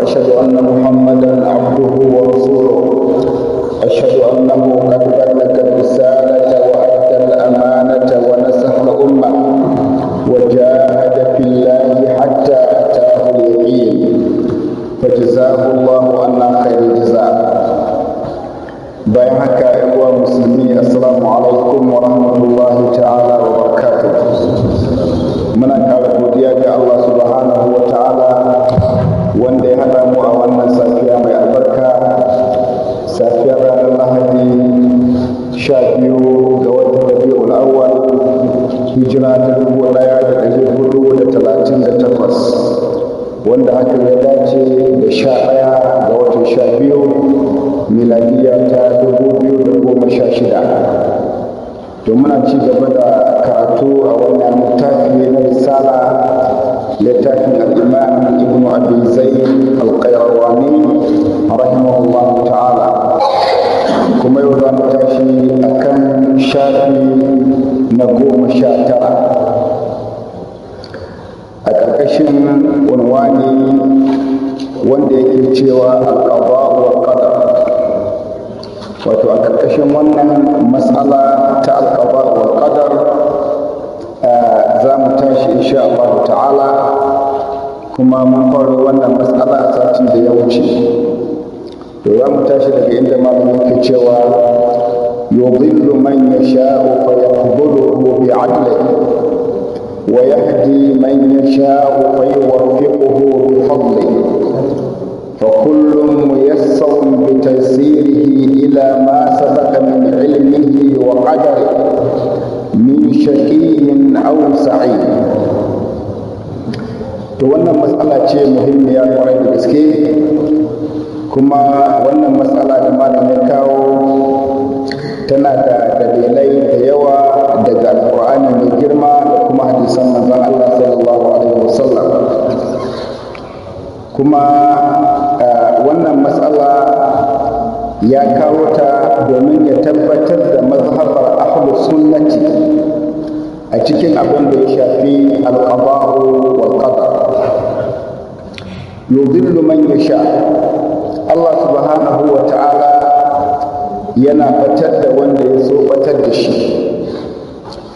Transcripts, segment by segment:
وأشهد أن محمدا عبده ورسوله أشهد أنه قد بلغ الرسالة وأدى الأمانة ونصح الأمة وجاهد في الله حتى أتاه اليقين فجزاه ranar lahadi sha biyu ga watan rabi'ul awwal hijira ta dubu daya da ɗari hudu da talatin da takwas wanda hakan ya dace da sha ɗaya ga watan sha biyu miladiya ta dubu biyu da goma sha shida to muna ci gaba da karatu a wannan littafi na risala littafin al'imam ibnu abi zayd al-qayrawani rahimahullahu ta'ala za mu a kan shafi na goma sha tara a ƙarƙashin unwani wanda yake cewa alƙaba wa ƙada wato a ƙarƙashin wannan matsala ta alƙaba wa ƙadar za mu tashi insha Allah ta'ala kuma mun fara wannan matsala a satin da ya wuce to za mu tashi daga inda malamin yake cewa يضل من يشاء فيقبله بعدله ويهدي من يشاء فيوفقه بفضله فكل ميسر بتيسيره إلى ما سبق من علمه وقدره من شقي أو سعيد to wannan matsala ce muhimmiya kwarai da gaske kuma wannan matsala da malamai kawo tana da dalilai da yawa daga Alƙur'ani mai girma da kuma hadisan manzon Allah sallallahu alaihi wasallam kuma wannan matsala ya kawo ta domin ya tabbatar da mazhabar ahlus sunnati a cikin abin da ya shafi alqada'u wal qadar yudillu man yasha Allah subhanahu wa ta'ala yana fatar da wanda ya so fatar da shi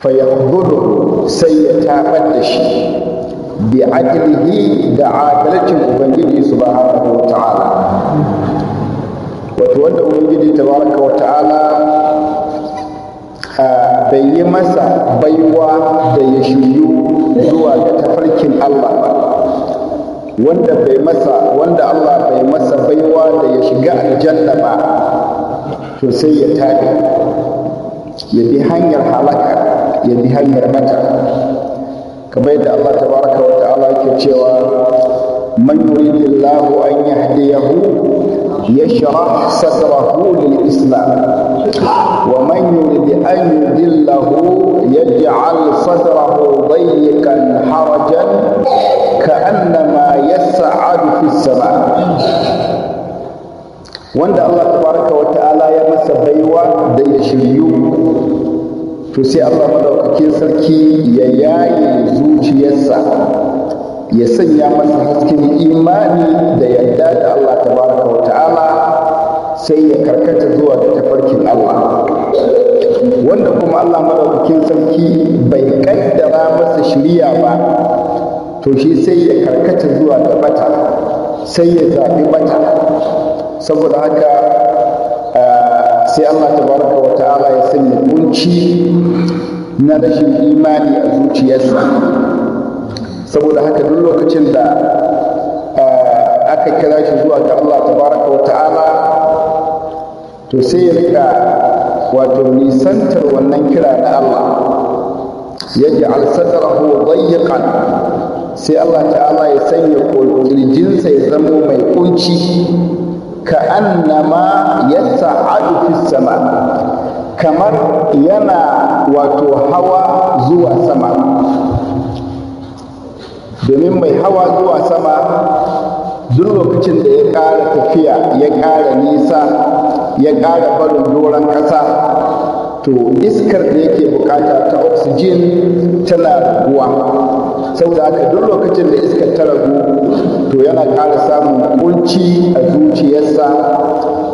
fayakhudhu sai ya tabar da shi bi adlihi da adalcin ubangiji subhanahu wa ta'ala wato wanda ubangiji tabaraka wa ta'ala bai yi masa baiwa da ya shiryu zuwa ga tafarkin Allah ba wanda bai masa wanda Allah bai masa baiwa da ya shiga aljanna ba to sai ya tare ya bi hanyar halaka ya bi hanyar mata kamar yadda Allah tabaraka wa ta'ala yake cewa man yuridillahu an yahdiyahu yashrah sadrahu lil islam wa man yurid an yudillahu yaj'al sadrahu dayyikan harajan ka'annama yas'adu fis sama' wanda Allah tabaraka wa ta'ala masa baiwa da ya shiryu to sai Allah madaukakin sarki ya yaye zuciyarsa ya sanya masa hasken imani da yadda da Allah tabaraka wa ta'ala sai ya karkata zuwa da tafarkin Allah wanda kuma Allah madaukakin sarki bai kaddara masa shirya ba to shi sai ya karkata zuwa da bata sai ya zaɓi bata saboda haka sai Allah tabaraka wa ta'ala ya sanya kunci na rashin imani a zuciyarsa saboda haka duk lokacin da eh, aka kira shi zuwa ga Allah tabaraka wa ta'ala to sai ya rika wato nisantar wannan kira na Allah Ya yaj'al sadrahu dayyiqan sai Allah ta'ala ya sanya jinsa ya zama mai kunci ka'annama Sa'adu fis sama kamar yana wato hawa zuwa sama domin mai hawa zuwa sama duk lokacin da ya ƙara tafiya ya ƙara nisa ya ƙara barin doron ƙasa to iskar da yake bukata ta oxygen tana ruwa. saboda haka duk lokacin da iskar ta ragu to yana ƙara samun kunci a zuciyarsa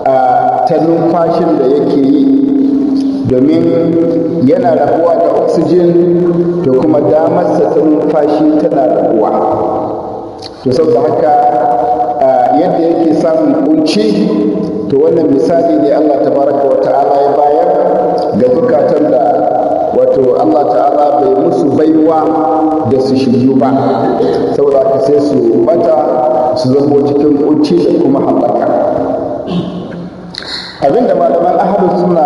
a ta numfashin da yake yi domin yana rabuwa da oxygen da kuma damarsa ta numfashi tana rabuwa to saboda haka yadda yake samun kunci to wannan misali ne allah tabaraka wa ta'ala ya bayar ga bukatan da wato Allah ta'ala bai musu baiwa da su shiryu ba saboda ka sai su bata su zango cikin kunci da kuma halaka abin da malaman ahadu suna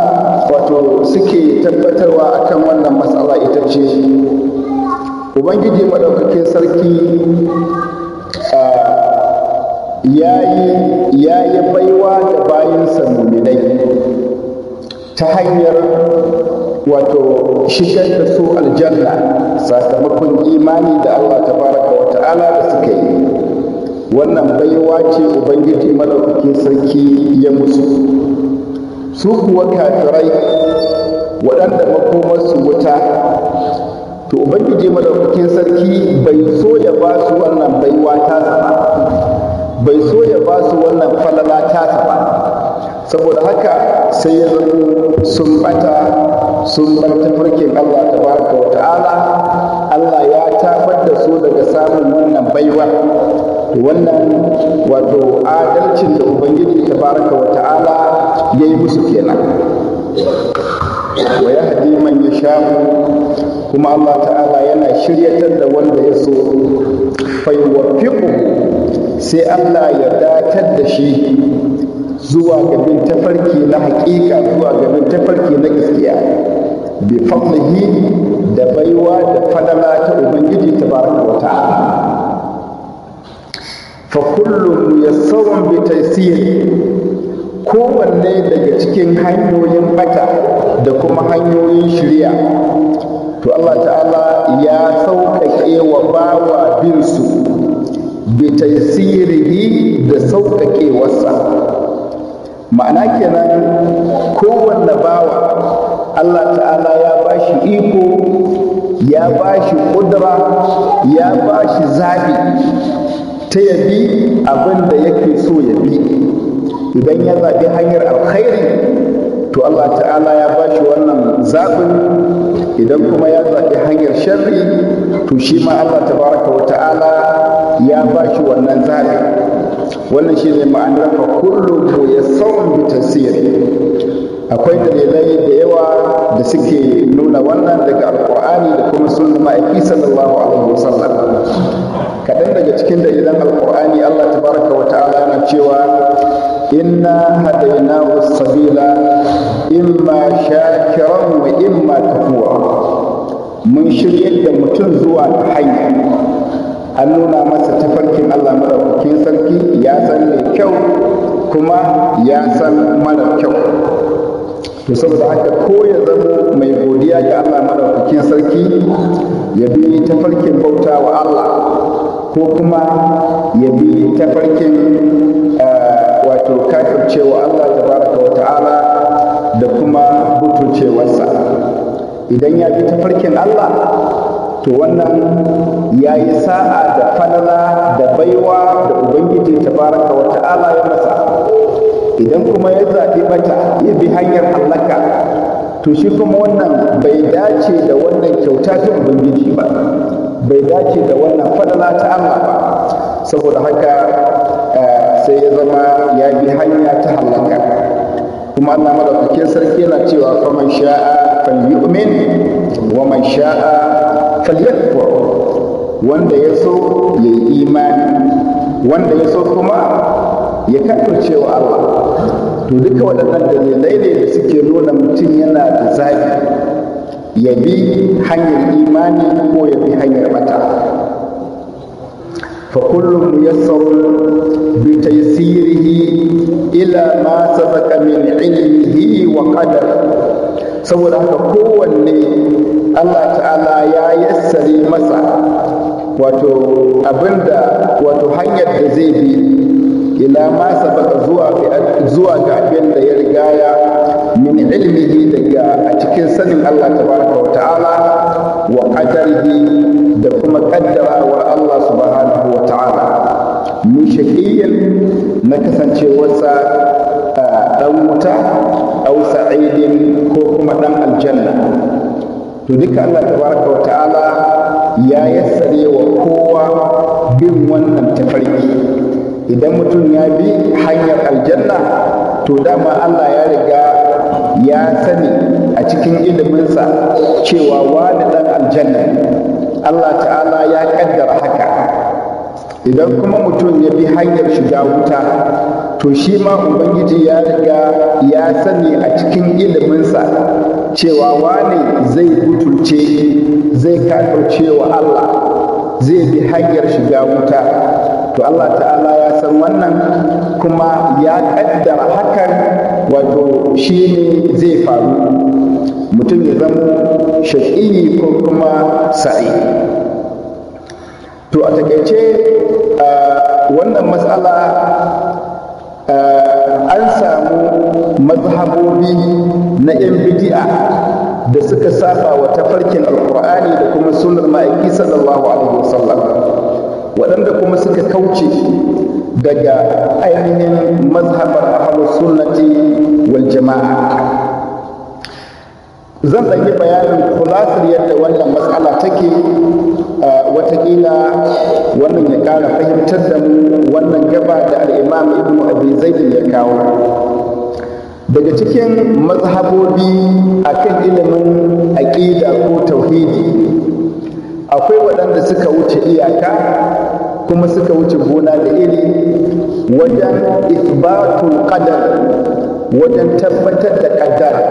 wato suke tabbatarwa akan wannan matsala ita ce ubangiji maɗaukakin sarki ya yi baiwa da bayan muminai ta hanyar wato shigar da su aljanna sakamakon imani da Allah Ta baraka wa ta'ala da suka yi wannan baiwa ce ubangiji madaukakin sarki ya musu su kuwa kafirai waɗanda makomarsu wuta to ubangiji madaukakin sarki bai so ya ba su wannan baiwa tasa ba bai so ya ba su wannan falala tasa ba saboda haka sai ya zama sun bata sun bar tafarkin Allah tabaraka wa ta'ala Allah ya tabar da su daga samun wannan baiwa wannan wato adalcin da ubangiji tabaraka wa ta'ala ya yi musu kenan wa yahdi man yasha'u kuma Allah ta'ala yana shiryatar da wanda ya so fa yuwaffiqu sai Allah ya datar da shi zuwa ga bin tafarki na haƙiƙa zuwa ga bin tafarki na gaskiya bi fadlihi da baiwa da fadala ta ubangiji ta baraka wata fa kullum yassarun bi taysir kowanne daga cikin hanyoyin bata da kuma hanyoyin shirya to Allah ta'ala ya sauƙaƙe wa bawa bin su bi taysirihi da wasa. ma'ana kenan kowanne bawa Allah ta'ala ya bashi iko ya bashi shi ya ba shi zaɓi ta yabi abin da yake so ya bi idan ya zaɓi hanyar alkhairi to Allah ta'ala ya bashi wannan zaɓin idan kuma ya zaɓi hanyar sharri to shi ma Allah tabaraka wa ta'ala ya bashi wannan zaɓin wannan shi ne ma'anar fa kullum ko ya sauran tasiri. akwai dalilai da yawa da suke nuna wannan daga alkur'ani da kuma sunan ma'aiki sallallahu alaihi wasallam kaɗan daga cikin dalilan alkur'ani allah tabaraka wa ta'ala yana cewa inna hadainahu sabila imma shakiran wa imma kafura mun shirye da mutum zuwa ta hanya an nuna masa tafarkin allah mara ya san mai kyau kuma ya san mara kyau to saboda haka ko ya zama mai godiya ga Allah madaukakin sarki ya bi farkin bauta wa Allah ko kuma ya bi ta tafarkin eh, wato kafircewa Allah tabaraka wa ta'ala da kuma butucewarsa idan ya bi ta tafarkin Allah to wannan ya yi sa'a da falala da baiwa da ubangiji ta baraka wata ta'ala ya masa idan kuma ya zaɓi bata ya bi hanyar hallaka to shi kuma wannan bai dace da wannan kyauta ta ubangiji ba bai dace da wannan falala ta Allah ba saboda haka eh, sai ya zama ya bi hanya ta halaka kuma Allah madaukakin sarki yana cewa faman sha'a falyu'min wa man sha'a falyakfur wanda ya so ya yi imani wanda ya so kuma ya kafirce wa Allah to duka waɗannan dalilai ne da suke nuna mutum yana da zafi ya bi hanyar imani ko ya bi hanyar mata fa kullum yassarun bi taysirihi ila ma sabaka min ilmihi wa qadar saboda haka kowanne Allah ta'ala ya yassari masa wato abinda wato hanyar da zai bi ila ma sabaka zuwa zuwa ga abin da ya riga ya min ilmihi daga a cikin sanin Allah tabaraka wa ta'ala wa qadarihi da kuma kaddarawar Allah subhanahu wa ta'ala min shaqiyin na kasancewarsa dan wuta au sa'idin ko kuma dan aljanna to duka Allah tabaraka wa ta'ala ya yassare wa kowa bin wannan tafarki idan mutum ya bi hanyar aljanna to dama Allah ya riga ya sani a cikin iliminsa cewa wani dan aljanna Allah ta'ala ya ƙaddara haka idan kuma mutum ya bi hanyar shiga wuta to shi ma ubangiji ya riga ya sani a cikin iliminsa cewa wane zai butulce zai cewa Allah zai bi hanyar shiga wuta to Allah ta'ala ya san wannan kuma ya kaddara hakan wato shi ne zai faru mutum ya zama shaƙi ko kuma sa'i to a takaice wannan matsala Eh, an samu mazhabobi na 'yan bidi'a da suka saba wa tafarkin alkur'ani da kuma sunar ma'aiki sallallahu alaihi wasallam waɗanda kuma suka kauce daga ainihin mazhabar ahalus sunnati wal jama'a zan ɗanyi bayanin kulasar yadda wannan matsala take eh, watakila wannan ya ƙara fahimtar da mu da al'imam ibn abi ya kawo daga cikin mazhabobi a kan ilimin aƙida ko tauhidi akwai waɗanda suka wuce iyaka kuma suka wuce gona da iri wajen isbatul qadar wajen tabbatar da ƙaddara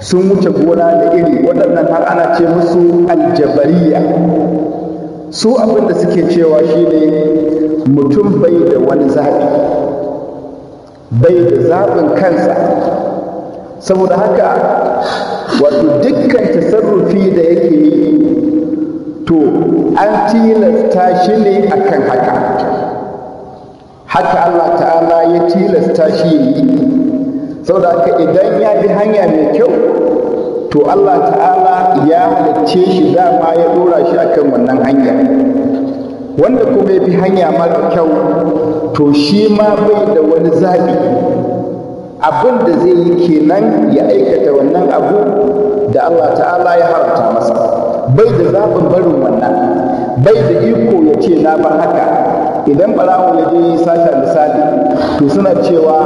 sun wuce gona da iri waɗannan har ana ce musu aljabariya su abinda suke cewa shi shine mutum bai da wani zaɓi bai da zaɓin kansa saboda haka wato dukkan tasarrufi da yake yi to an tilasta shi ne akan haka haka Allah ta'ala ya tilasta shi yi saboda haka idan ya bi hanya mai kyau to Allah ta'ala ya halicce shi dama ya dora shi akan wannan hanya wanda kuma ya fi hanya mara kyau to shi ma bai da wani zaɓi abin da zai yi kenan ya aikata wannan abu da Allah ta'ala ya haramta masa bai da zaɓin barin wannan bai da iko ya ce na ba haka idan barawo ya je sata misali to suna cewa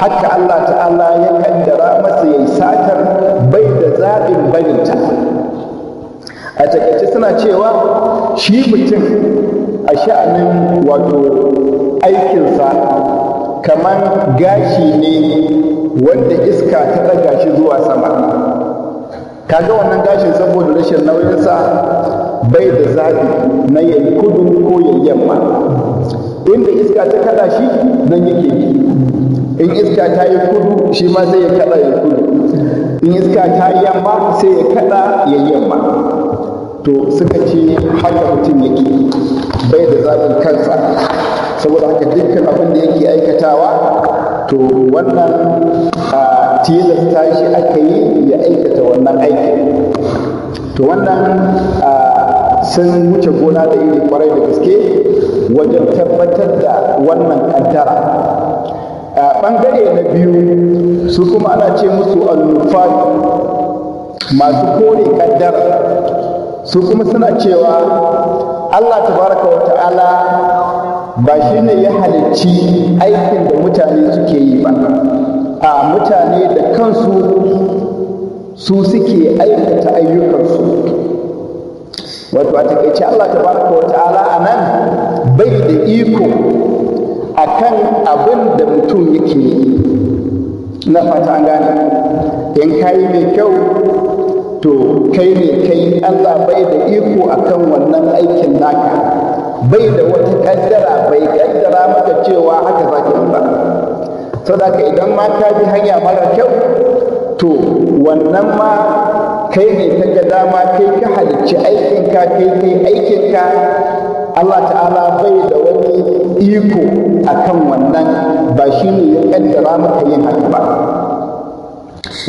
haka Allah ta'ala ya kaddara masa ya yi satar bai da zaɓin barinta a takaice suna cewa shi mutum a sha'anin wato aikinsa kamar gashi ne wanda iska ta daga shi zuwa sama kaga wannan gashin saboda rashin nauyinsa bai da zafi na yayi kudu ko yayi yamma inda iska ta kada shi nan yake in iska ta yi kudu shi ma sai ya kada ya kudu in iska ta yi yamma sai ya kada ya yamma to suka ce haka mutum ya yake bai da zaɓin kansa saboda haka dukkan abin da yake aikatawa to wannan a tilasta shi aka yi ya aikata wannan aiki to wannan sun wuce gona da iri kwarai da gaske wajen tabbatar da wannan kaddara ɓangare na biyu su kuma ana ce musu alufa masu kore kaddara su kuma suna cewa Allah tabaraka wa ta'ala ba shi ne ya halicci aikin da mutane suke yi ba a mutane da kansu su suke aikata ayyukansu wato a takaice Allah tabaraka wa ta'ala a nan bai da iko a kan abin da mutum yake yi na fata an gane in kayi mai kyau to kai ne kai Allah bai da iko akan wannan aikin naka bai da wata kaddara bai kaddara maka cewa haka zaki ba saboda idan ma ka bi hanya mara kyau to wannan ma kai ne ta ga dama kai ka halicci aikinka kai aikin aikinka Allah ta'ala bai da wani iko akan wannan ba shi ne ya kaddara maka yin haka ba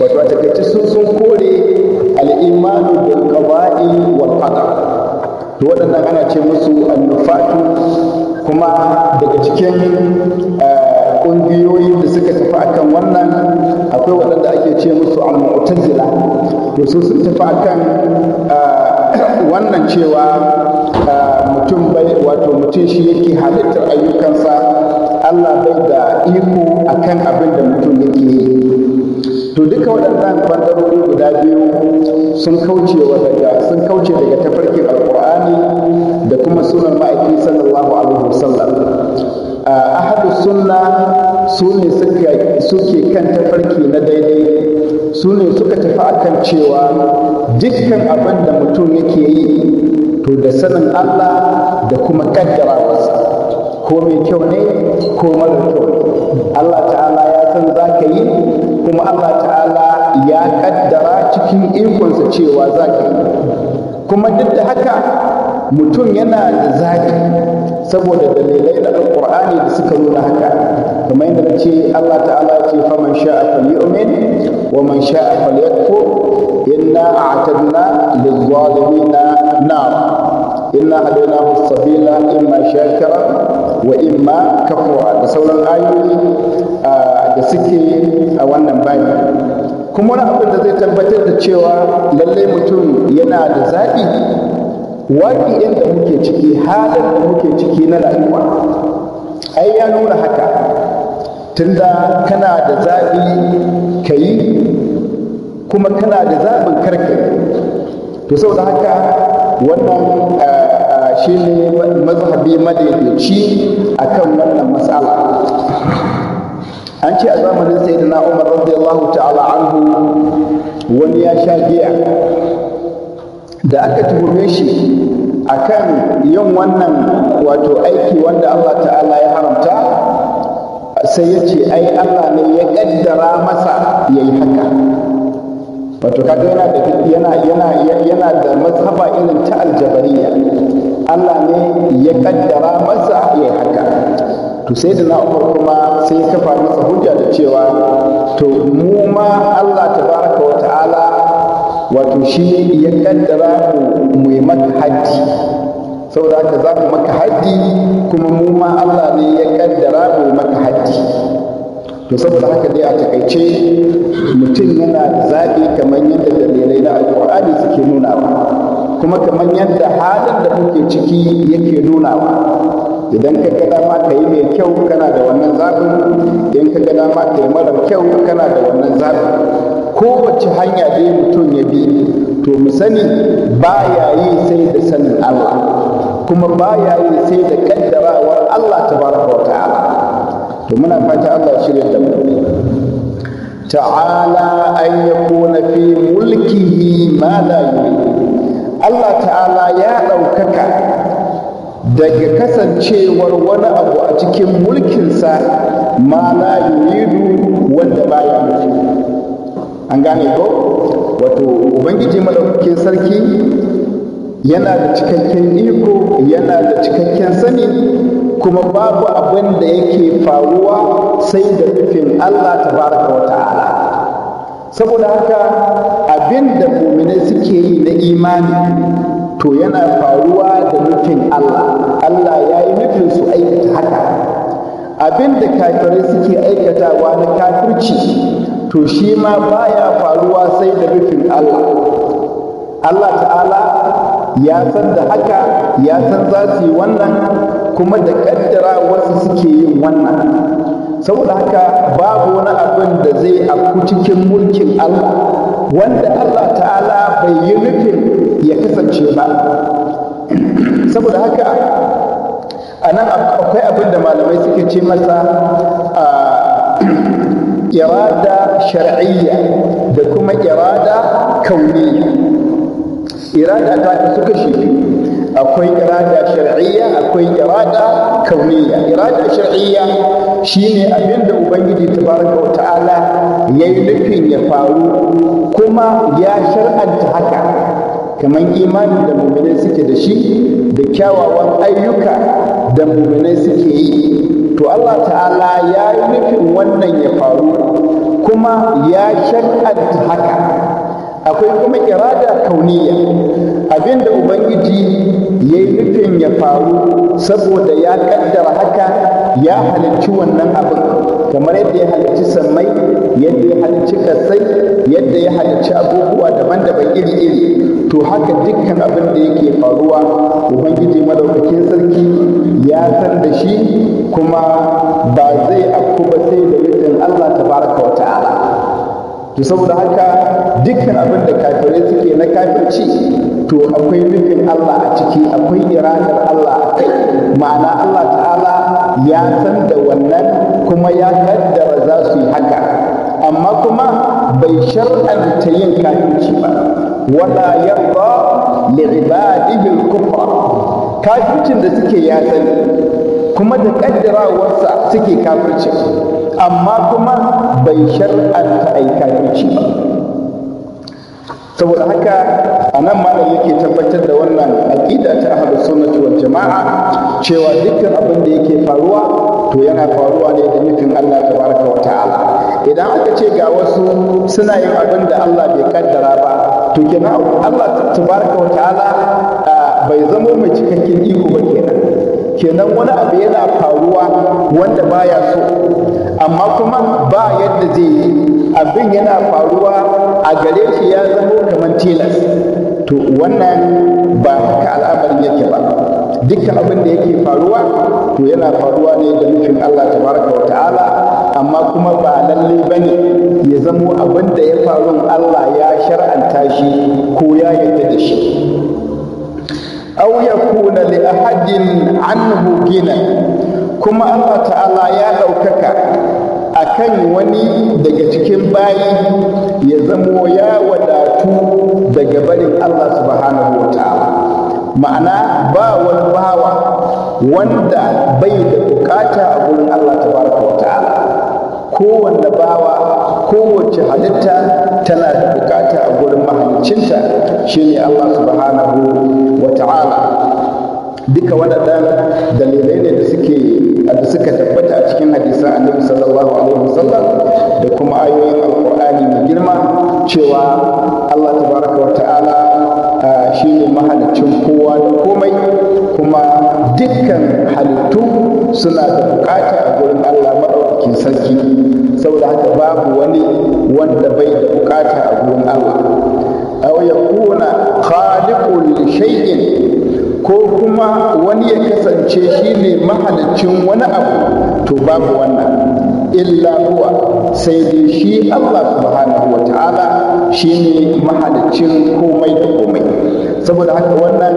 wato a takaice sun sun kore al'imanu da qada'i wa qadar to waɗannan ana ce musu annufatu kuma daga cikin eh, ƙungiyoyi da suka tafi akan wannan akwai waɗanda ake ce musu al-mu'tazila to su sun tafi akan eh, wannan cewa eh, mutum bai wato mutum shi yake halittar ayyukansa Allah bai da iko akan abin da mutum yake yi to duka waɗannan ɓangarori guda biyu sun kauce daga sun kauce daga tafarkin alƙur'ani da kuma sunan ma'aiki sallallahu alaihi wasallam ahadu sunna su ne suke kan tafarki na daidai su ne suka tafi akan cewa dukkan abin da mutum yake yi to da sanin Allah da kuma kaddara wasu. ko mai kyau ne ko mara kyau Allah ta'ala ya san za ka yi kuma Allah ta'ala ya kaddara cikin ikonsa cewa za ka yi kuma duk da haka mutum yana da zaɓi saboda dalilai na alƙur'ani da suka nuna haka kamar yadda ce Allah ta'ala ya ce faman sha'a falyu'min wa man sha'a falyakfur inna a'tadna lil-zalimina nar inna hadaynahu as-sabila imma shakira wa imma kafuwa da sauran ayoyi da suke a wannan bayi kuma wani abin da zai tabbatar da cewa lallai mutum yana da zaɓi waƙi yadda muke ciki halin da muke ciki na rayuwa ai ya nuna haka tunda kana da zaɓi ka yi kuma kana da zaɓin karka to saboda haka wannan shi ne mazhabi madaidaici a kan wannan matsala an ce a zamanin da naumar radiyallahu ta'ala anhu wani ya sha giya da aka tuhume shi a kan yin wannan wato aiki wanda Allah ta'ala ya haramta sai ya ce ai Allah ne ya kaddara masa ya yi haka wato kaga yana da yana yana yana da mazhaba irin ta aljabariya Allah ne ya kaddara masa ya haka to sai da na kuma sai ya kafa masa hujja da cewa to mu ma Allah tabaraka wa ta'ala wato shi ya kaddara mu yi maka haddi saboda haka za mu maka haddi kuma mu ma Allah ne ya kaddara mu maka haddi to saboda haka dai a takaice mutum yana zaɓi kamar yadda dalilai na alƙur'ani suke nuna ba kuma kamar yadda halin da kuke ciki yake nunawa idan ka ga dama ka yi mai kyau kana da wannan zafin idan ka ga dama ka yi mara kyau kana da wannan Ko kowace hanya dai mutum ya bi to mu sani ba ya yi sai da sanin Allah kuma ba ya yi sai da kaddarawar Allah ta bara bauta, ta'ala to muna fata Allah shirya da mu ta'ala an yakuna fi mulkihi ma la yuridu Allah ta'ala ya ɗaukaka daga kasancewar wani abu a cikin mulkinsa ma la yuridu wanda ya nufi an gane ko wato ubangiji Malaukakin sarki yana da cikakken iko yana da cikakken sani kuma babu abin da yake faruwa sai da nufin Allah tabaraka wa ta'ala saboda haka abin da muminai suke yi na imani to yana faruwa da nufin Allah Allah ya yi nufin su aikata haka abin da kafirai suke aikatawa na kafirci to shi ma baya faruwa sai da nufin Allah Allah ta'ala ya san da haka ya san za su yi wannan kuma da ƙaddara wasu suke yin wannan saboda haka babu wani abin da zai afku cikin mulkin Allah wanda Allah ta'ala bai yi nufin ya kasance ba saboda haka a nan akwai abin da malamai suke ce masa a irada shar'iyya da kuma irada kauniyya irada ta suka shi akwai irada shar'iyya akwai irada kauniyya irada shar'iyya shine abin da ubangiji tabaraka wa ta'ala yayi nufin ya faru kuma ya shar'anta haka kamar imani da muminai suke da shi da kyawawan ayyuka da muminai suke yi to Allah ta'ala ya yi nufin wannan ya faru kuma ya shar'anta haka akwai kuma irada kauniyya abin da ubangiji ya yi nufin ya faru saboda ya kaddara haka ya halarci wannan abin kamar yadda ya halicci sammai yadda ya halicci kasai yadda ya halarci abubuwa daban-daban iri-iri to haka dukkan abin da yake faruwa ubangiji madaukakin sarki ya san da shi kuma ba zai afku ba sai da yadda allah tabaraka wa ta'ala to saboda haka dukkan abin da kafirai suke na kafirci to akwai nufin Allah a ciki akwai iradar Allah a kai ma'ana Allah ta'ala ya san da wannan kuma ya kaddara za su yi haka amma kuma bai shar'anta yin kafirci ba wala yarda li al-kufra kafircin da suke ya sani kuma da kaddarawarsa suke kafirci amma kuma bai shar'anta ai kafirci ba saboda haka a nan malam yake tabbatar da wannan aƙida ta ahlus sunnati wal jama'a cewa dukkan abin da yake faruwa to yana faruwa ne da nufin Allah tabaraka wa ta'ala idan aka ce ga wasu suna yin abin da Allah bai kaddara ba to kenan Allah tabaraka wa ta'ala bai zama mai cikakken iko ba kenan kenan wani abu yana faruwa wanda baya so amma kuma ba yadda zai yi abin yana faruwa a gare shi ya zama kamar tilas to wannan ba haka al'amarin yake ba dukkan abin da yake faruwa to yana faruwa ne da nufin Allah tabaraka wa ta'ala amma kuma ba lalle bane ya zamo abin da ya faru Allah ya shar'anta shi ko ya yarda da shi aw yakuna li ahadin anhu gina kuma Allah ta'ala ya ɗaukaka kan wani daga cikin bayi ya zamo ya wadatu daga barin Allah subhanahu wa ta'ala ma'ana ba wani bawa wanda bai da bukata a gurin Allah subhanahu wa ta'ala kowanne bawa kowace halitta tana da bukata a gurin mahalicinta shine Allah subhanahu wa ta'ala duka waɗannan dalilai ne sallallahu alaihi wasallam da kuma ayoyin alqur'ani mai girma cewa Allah tabaraka wa ta'ala shi ne mahalicin kowa da komai kuma dukkan halittu suna da bukata a gurin Allah maɗaukakin sarki saboda haka babu wani wanda bai da bukata a gurin Allah aw yakuna khaliqul shay'in ko kuma wani ya kasance shi ne mahalicin wani abu to babu wannan illa huwa sai dai shi Allah subhanahu wa ta'ala shi ne mahaliccin komai da komai saboda haka wannan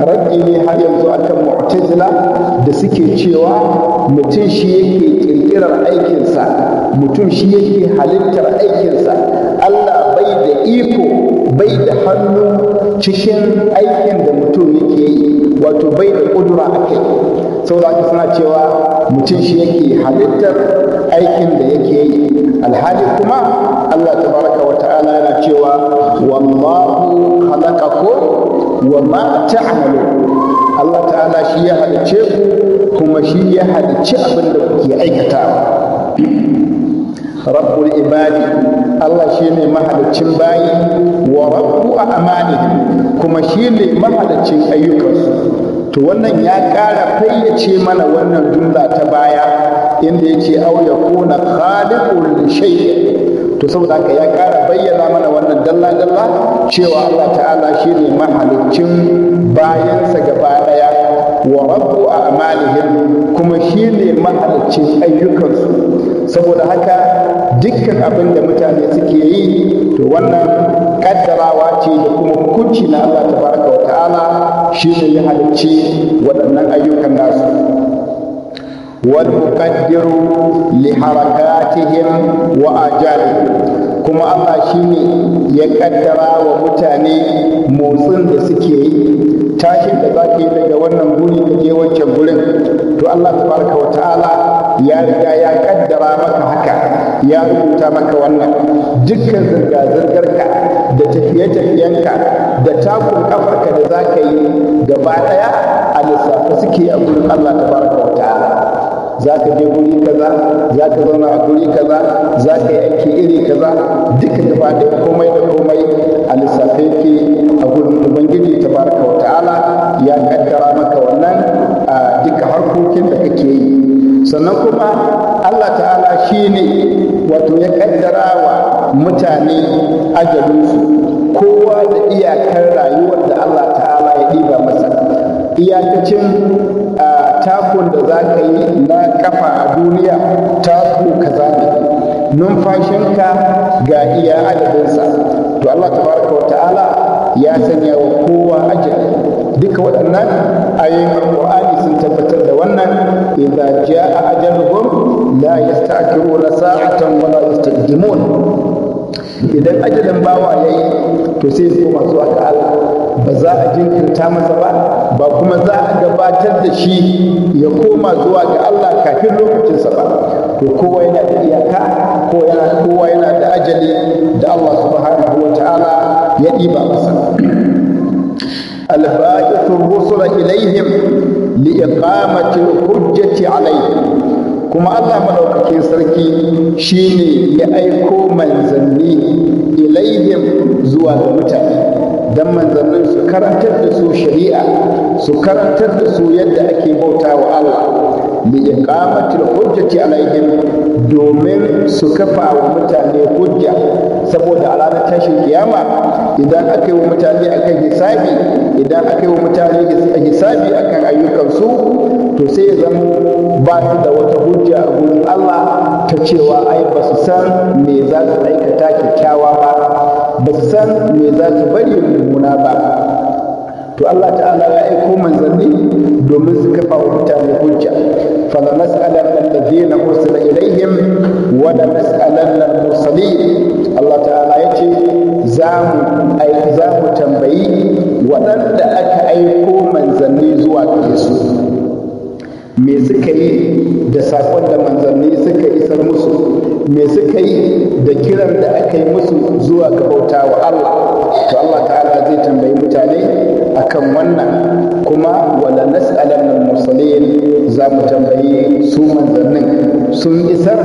raƙi ne har yanzu akan mu'tazila da suke cewa mutum shi yake ƙirƙirar aikinsa mutum shi yake halittar aikinsa Allah bai da iko bai da hannu cikin aikin da mutum yake yi wato bai da ƙudura a kai saboda haka suna cewa mutum shi yake halittar aikin da yake yi alhali kuma Allah ta baraka wa ta'ala yana cewa wallahu ko? wa ma ta'malun Allah ta'ala shi ya halice ku kuma shi ya halice abin da kuke aikatawa rabbul ibadi Allah ne mahalicin bayi wa rabbu amani kuma shi ne mahalicin ayyukansu to wannan ya ƙara fayyace mana wannan jumla ta baya inda yake au ya kuna khaliqul shay to saboda haka ya ƙara bayyana mana wannan dalla dalla cewa Allah ta'ala shine mahalicin bayansa gaba daya wa rabbu a'malihim kuma shine mahalicin ayyukansu saboda haka dukkan abin da mutane suke yi to wannan kaddarawa ce da kuma hukunci na Allah Ta baraka wa ta'ala ne ya halicci waɗannan ayyukan nasu wani muqaddiru li harakatihim wa ajali. kuma Allah shi ne ya kaddara wa mutane motsin da suke yi tashin da za ka yi daga wannan guri da ke wancan gurin to Allah Ta baraka wa ta'ala ya riga ya kaddara maka haka ya rubuta maka wannan dukkan zirga-zirgar ka da tafiye-tafiyenka da takun kafarka da za ka yi gaba ɗaya a lissafi suke a gurin Allah ta fara kauta za ka je guri kaza za ka zauna a guri kaza za ka yi aiki iri kaza duka gaba ɗaya komai da komai a lissafi yake a gurin ubangiji ta fara kauta ala ya kankara maka wannan a duka harkokin da kake yi sannan kuma Allah ta'ala shi ne wato ya kaddara wa mutane ajalinsu kowa da iyakar rayuwar da Allah ta'ala ya ɗiba masa iyakacin takon da za ka yi na kafa a duniya taku kaza ne numfashinka ga iya adadinsa to Allah baraka wa ta'ala ya sanya wa kowa ajali duka waɗannan ayoyin alƙur'ani sun tabbatar da wannan idza jaa ajaluhum la yasta'khiruna sa'atan wa la yastaqdimun idan ajalin bawa ya yi to sai ya koma zuwa ga Allah ba za a jinkirta masa ba ba kuma za a gabatar da shi ya koma zuwa ga Allah kafin lokacinsa ba to kowa yana da iyaka kowa yana da ajali da Allah subhanahu wa ta'ala ya ɗiba masa الباعث الرسل إليهم لإقامة الحجة عليهم kuma Allah madaukakin sarki shine ya aiko manzanni ilaihim zuwa ga mutane dan manzannin su karantar da su shari'a su karantar da su yadda ake bauta wa Allah li iqamatil hujjati alaihim domin su kafa wa mutane hujja saboda a tashin kiyama idan aka yi wa mutane akan hisabi idan aka wa mutane hisabi akan ayyukansu to sai ya zama ba su da wata hujja a gurin Allah ta cewa ai ba su san me za su aikata kyakkyawa ba ba su san me za su bari mummuna ba to Allah ta'ala ya aiko manzanni domin su kafa wa mutane hujja la nas'alanna alladheena ursila ilaihim wa la nas'alanna al-mursalin Allah ta'ala yace za mu aika saƙon da manzanni suka isar musu me suka yi da kiran da aka yi musu zuwa ga bauta wa Allah to Allah ta'ala zai tambayi mutane akan wannan kuma wala nas'alan mursalin za mu tambayi su manzannin sun isar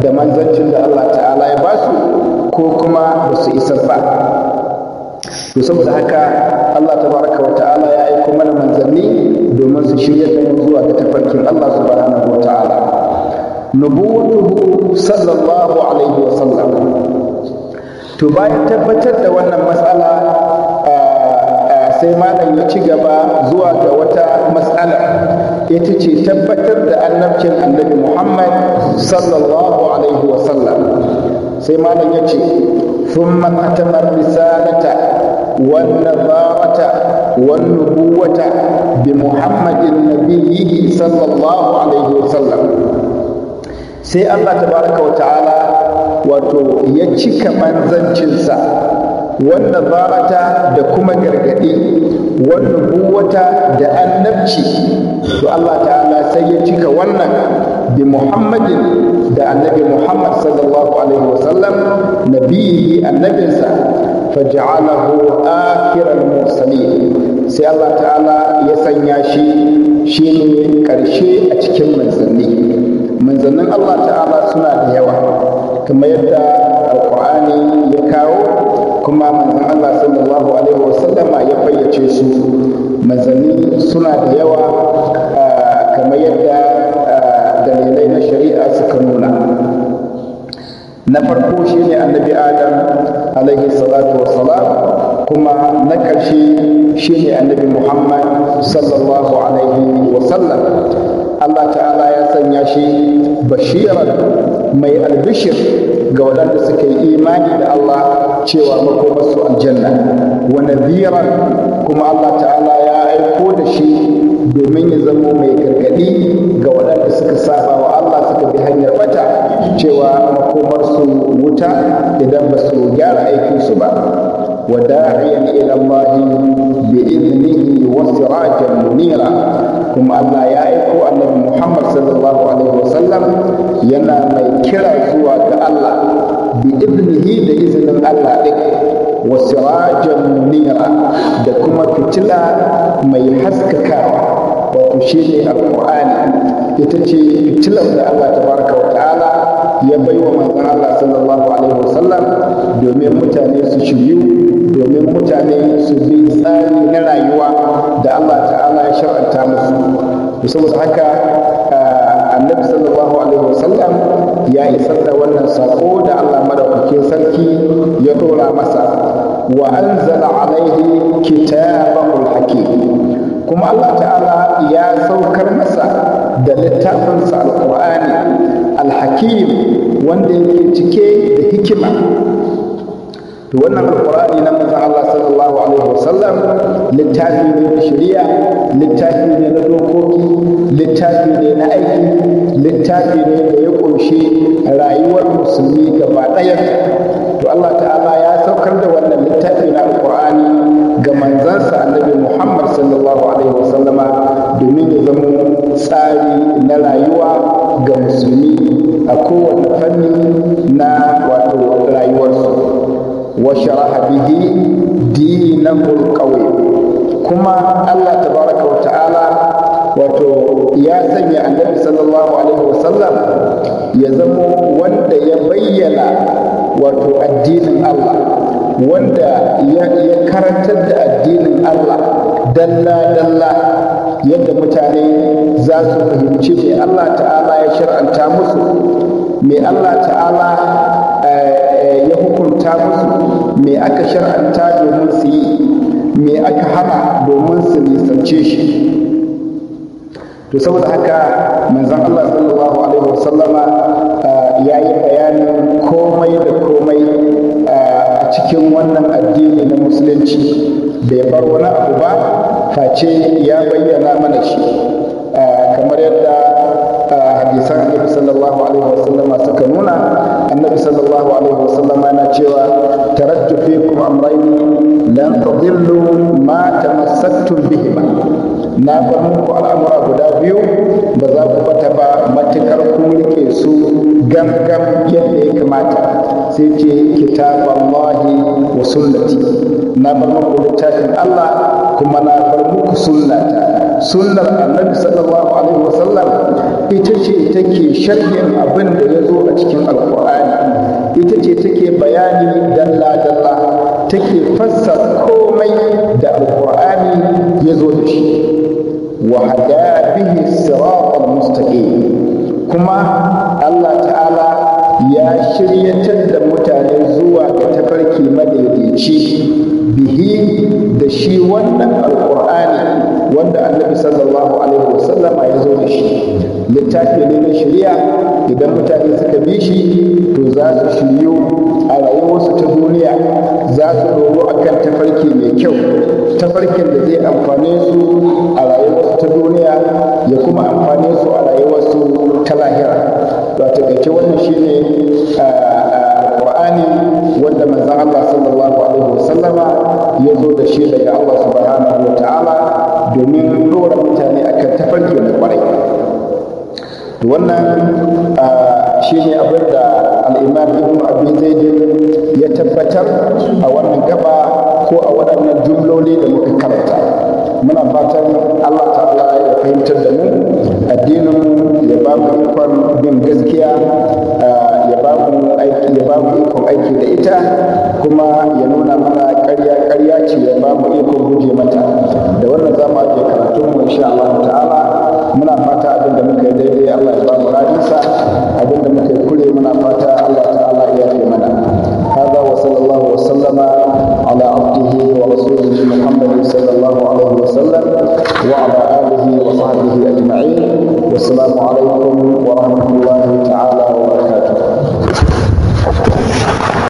da manzancin da Allah ta'ala ya ba su ko kuma ba su isar ba to saboda haka Allah tabaraka wa ta'ala ya aiko mana manzanni domin su shirya da zuwa ga tafarkin Allah subhanahu wa ta'ala nubuwatuhu sallallahu alaihi wasallam to bayan tabbatar da wannan matsala sai malam ya ci gaba zuwa ga wata matsala ita ce tabbatar da annabcin annabi muhammad sallallahu alaihi wasallam sai malam ya ce ثم ختم الرسالة والنظارة والنبوة بمحمد النبي صلى الله عليه وسلم sai Allah tabaraka wa ta'ala wato ya cika manzancinsa wannan barata da kuma gargaɗi wannan buwata da annabci to Allah ta'ala sai ya cika wannan bi Muhammadin da annabi Muhammad sallallahu alaihi wasallam nabiyi annabinsa faj'alahu akhiral mursalin sai Allah ta'ala ya sanya shi shine karshe a cikin manzanni manzannin Allah ta'ala suna da yawa kamar yadda alkur'ani ya kawo kuma manzan Allah sallallahu alaihi wasallama ya fayyace su manzanni suna da yawa ah, kamar yadda ah, dalilai na shari'a suka nuna na farko shi ne annabi adam alaihi salatu wa salam, kuma na ƙarshe shi ne annabi muhammad sallallahu alaihi sallam Allah ta'ala sanya shi bashiran mai albishir ga waɗanda suka yi imani da Allah cewa makomarsu aljanna wa nadhiran kuma Allah ta'ala ya aiko da shi domin ya zama mai gargaɗi ga waɗanda suka saba wa Allah suka bi hanyar wata cewa makomarsu wuta idan ba su gyara aikinsu ba وداعيا إلى الله بإذنه وسراجا منيرا kuma Allah ya aiko annabi Muhammad sallallahu alaihi wasallam yana mai kira zuwa ga Allah bi ibnihi da izinin Allah din wa sirajan munira da kuma fitila mai haskakawa wato shine alqur'ani ita ce fitilar da Allah tabaraka wa ta'ala ya bai wa manzon Allah sallallahu alaihi wasallam domin mutane su shiryu domin mutane su bi tsari na rayuwa da Allah ta shar'anta musu to saboda haka annabi sallallahu alaihi wasallam ya isar da wannan sako da Allah madaukakin sarki ya dora masa wa anzala alaihi kitabahul hakim kuma Allah ta'ala ya saukar masa da littafinsa alqur'ani alhakim wanda yake cike da hikima to wannan alqur'ani na manzon Allah sallallahu alaihi wasallam littafi ne na shari'a littafi ne na dokoki littafi ne na aiki littafi ne da ya ƙunshi rayuwar musulmi gaba ɗaya to Allah ta'ala ya saukar da wannan littafi na alƙur'ani ga manzansa annabi Muhammad sallallahu alaihi wasallama domin ya zama tsari na rayuwa ga musulmi a kowane fanni na wato rayuwarsu wa sharaha bihi dinan qawim kuma Allah tabaraka wa ta'ala wato ya sanya annabi sallallahu alaihi wasallam ya zama wanda ya bayyana wato addinin Allah wanda ya karantar da addinin Allah dalla-dalla yadda mutane za su fahimci me Allah ta'ala ya shar'anta musu me Allah ta'ala eh, ya hukunta musu me aka shar'anta domin su yi me aka hana domin su nisance shi to saboda haka manzon Allah sallallahu alaihi wasallama ya yi bayanin komai da komai a cikin wannan addini na musulunci bai bar wani abu ba face ya bayyana mana shi kamar yadda hadisan annabi sallallahu alaihi wasallama suka nuna annabi sallallahu alaihi wasallama na cewa tarattu kuma amrayni lan tadillu ma tamassaktum ba na bar muku al'amura guda biyu ba za ku bata ba matukar ku rike su gangan yadda ya kamata sai ce kitab Allahi wa sunnati na bar muku littafin Allah kuma na bar muku sunnata sunnar annabi sallallahu alaihi wa sallam ita ce take sharhin abin da ya zo a cikin alqur'ani ita ce take bayani dalla dalla take fassar komai da alƙur'ani ya zo da shi wa hada bihi siratal mustaqim kuma Allah ta'ala ya shiryatar da mutane zuwa ga tafarki madaidaici bihi da shi wannan alƙur'ani wanda annabi sallallahu alaihi wasallama ya zo da shi littafi ne na shirya idan mutane suka bi shi to za su shiryu a rayuwarsu ta duniya za su doro a kan tafarki mai kyau tafarkin da zai amfane su a rayuwarsu ta duniya ya kuma amfane su a rayuwarsu ta lahira ba ta wannan shine